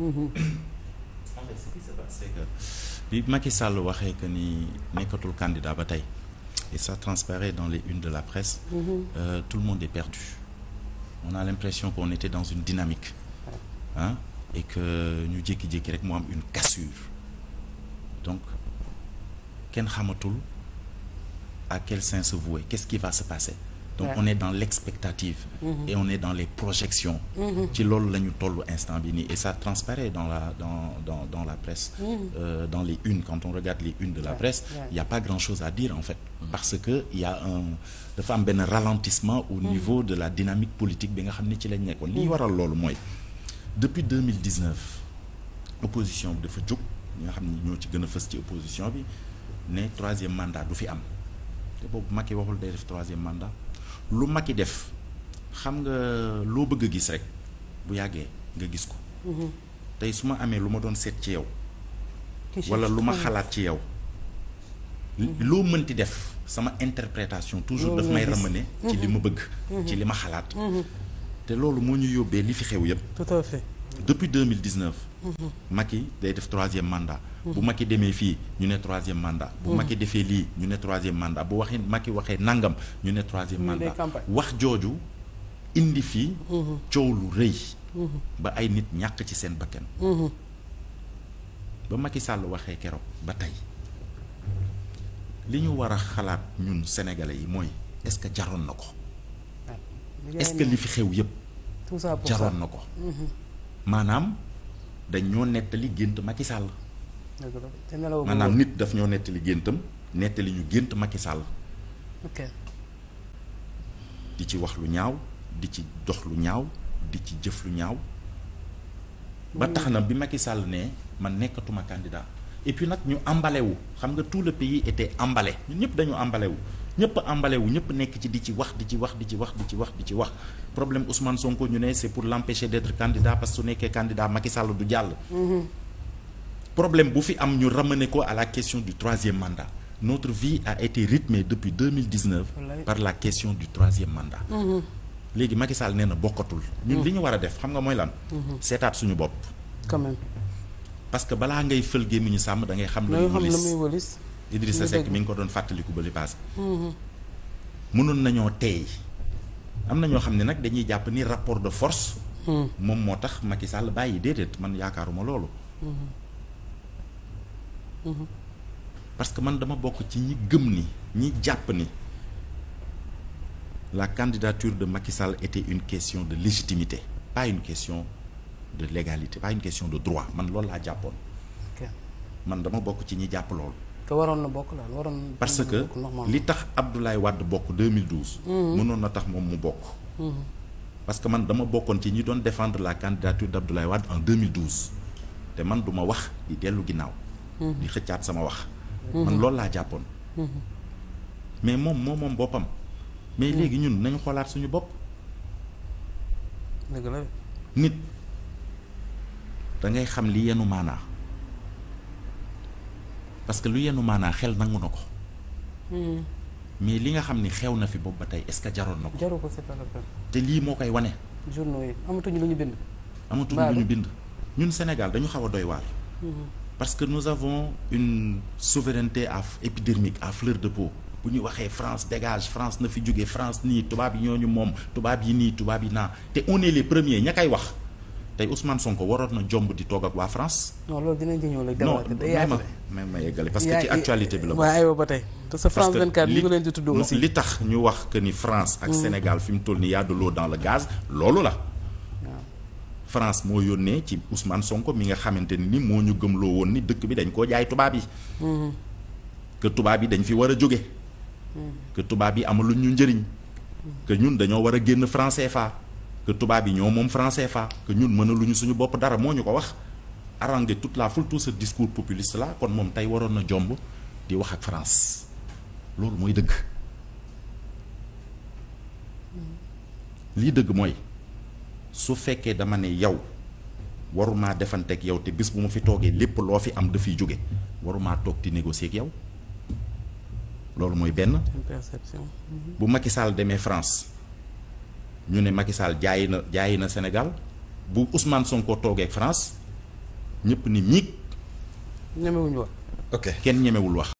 Mm-hmm. en fait ce qui se waxee que ni nekkatul candidat ba tey et ça transparaît dans les unes de la presse mm-hmm. euh, tout le monde est perdu on a l'impression qu'on était dans une dynamique et que ñu jékki-jékki rek moo am une cassure donc kenn xamatul a quel saint se vouer qu'est-ce qui va se passer donc on est dans l'expectative mm-hmm. et on est dans les projections mm-hmm. ci loolu la ñu toll instant bi nii et ça transparaît dans la dans dans dans la presse mm-hmm. euh, dans les unes quand on regarde les unes de la presse il y a pas grand-chose à dire en fait parce que il y a dafa am benn ralentissement au niveau de la dynamique politique bi nga xam ne ci lañ nekkoon li waral loolu mooy depuis 2019 opposition bi dafa jóg ñi nga xam ne ñoo ci gën a fës ci opposition bi ne troisième mandat du fi am te boobu Macky waxul day def troisième lu mag yi def xam nga loo bëgg a gis rek bu yàggee nga gis ko. Mhm. tey su ma amee lu ma doon seet ci yow. wala lu ma xalaat ci yow. Mhm. loo mënti def sama interprétation toujours daf may ramener. ci li mhm. ma bëgg. ci li ma xalaat. te loolu moo ñu yóbbee li fi xew yëpp. depuis 2019. Macky day def troisième mandat. bu Macky demee fii ñu ne troisième mandat. bu mm-hmm. Macky defee lii ñu ne troisième mandat bu waxee Macky waxee nangam ñu ne troisième mandat. wax jooju indi fii. Mm-hmm. coow lu rëy. Mm-hmm. ba ay nit ñàkk ci seen bakkan. ba Macky Sall waxee keroog ba tey li ñu war a xalaat ñun sénégalais yi mooy est-ce que jaroon na ko. Ah, est-ce li fi xew yépp. tout ça jaroon na ko. maanaam dañ ñoo nettali gént ki Sall. maanaam nit daf ñoo nettali géntam nettali ñu gént Macky Sall. ok di ci wax lu ñaaw di ci dox lu ñaaw di ci jëf lu ñaaw. ba tax na bi Macky Sall ne man nekkatuma candidat et puis nag ñu emballé wu xam nga tout le pays était emballé ñun ñëpp dañu emballé ñëpp emballé wu ñëpp nekk ci di ci wax di ci wax di ci wax di ci wax di ci wax problème Ousmane Sonko ñu ne c'est pour l'empêcher d'être candidat parce que su nekkee candidat Macky Sall du jàll. Mm-hmm. problème bu fi am ñu ramener ko à la question du troisième mandat notre vie a été rythmée depuis 2019 par la question du troisième mandat mm-hmm. léegi Macky Sall nee na bokkatul ñun li ñu war a def xam nga mooy lan mm-hmm. seetaat suñu bopp quand même parce balaa ngay fël gémmiñu sàmm da ngay xam la muy wëlis Idrissa Seck mi ngi ko doon fàttaliku ba li paase. Mm-hmm. mënoon nañoo teey am na ñoo xam ne nag dañuy jàpp ni rapport de force. Mm. moom moo tax Macky Sall bàyyi déedéet man yaakaaruma loolu. Mm-hmm. Mm-hmm. parce que man dama bokk ci ñi gëm ni ñi jàpp ni la candidature de Macky Sall était une question de légitimité pas une question de légalité pas une question de droit man loolu laa jàppoon. man dama bokk ci ñi jàpp loolu. te waroon na bokk daal waroon parce que li tax Abdoulaye wadd bokk 2012. Mhm. mënoon na tax moom mu bokk. Mhm. parce que man dama bokkoon ci ñi doon défendre la candidature d' Abdoulaye Wade en 2012 te man duma wax di dellu ginnaaw. Mhm. di xëccaat sama wax. man loolu laa jàppoon. mais moom moo moom boppam. mais léegi ñun nañu xoolaat suñu bopp. dëgg la nit da ngay xam li yenu maanaa. parce que lu yenu maanaa xel nangu na ko. Hmm. mais li nga xam ni xew na fi boobu ba tey est-ce que jaroon na ko. jaru ko c'est te lii moo koy wane. journaux yi amatuñu lu ñu bind. ñu bind. ñun Sénégal dañu xaw a doy waar. Hmm. parce que nous avons une souveraineté à épidermique à fleur de peau. bu ñu waxee France dégage France na fi jóge France nii tubaab yi ñooñu moom tubaab yi nii tubaab yi naa te on est ña koy wax. tey Ousmane Sonko waroot na jomb di toog ak waa France. non loolu dinañ ci ñëw la. non même ma yeggale parce que ci actualité bi la. waaw tey te sa France 24 ñu ngi leen di tudd aussi li tax ñu wax que ni France ak mm. Sénégal fi mu toll nii y a de l'eau dans le gaz loolu la. France moo yónnee ci Ousmane Sonko mi nga xamante ni moo ñu gëmloo woon ni dëkk bi dañ koo jaay tubaab yi. Mm-hmm. que tubaab yi dañ fi war a jóge. Mm. que tubaab yi amalu ñu njëriñ. Mm. que ñun dañoo war a génn franc CFA. que tubaab yi ñoo moom franc CFA que ñun mënaluñu suñu bopp dara moo ñu ko wax arranger toute la foule tout ce discours populiste là kon moom tay waroon na jomb di wax ak France loolu mooy dëgg lii dëgg mooy su fekkee dama ne yow warumaa defanteeg yow te bis bu ma fi toogee lépp loo fi am dafiy jóge warumaa toog di négocier ak yow loolu mooy benn. perception bu Macky Sall demee France. ñu ne Macky jaay na jaayi na senegal bu Ousmane ko toogee France ñëpp ni ñiig ñemewuñu wax ok kenn ñemewul wax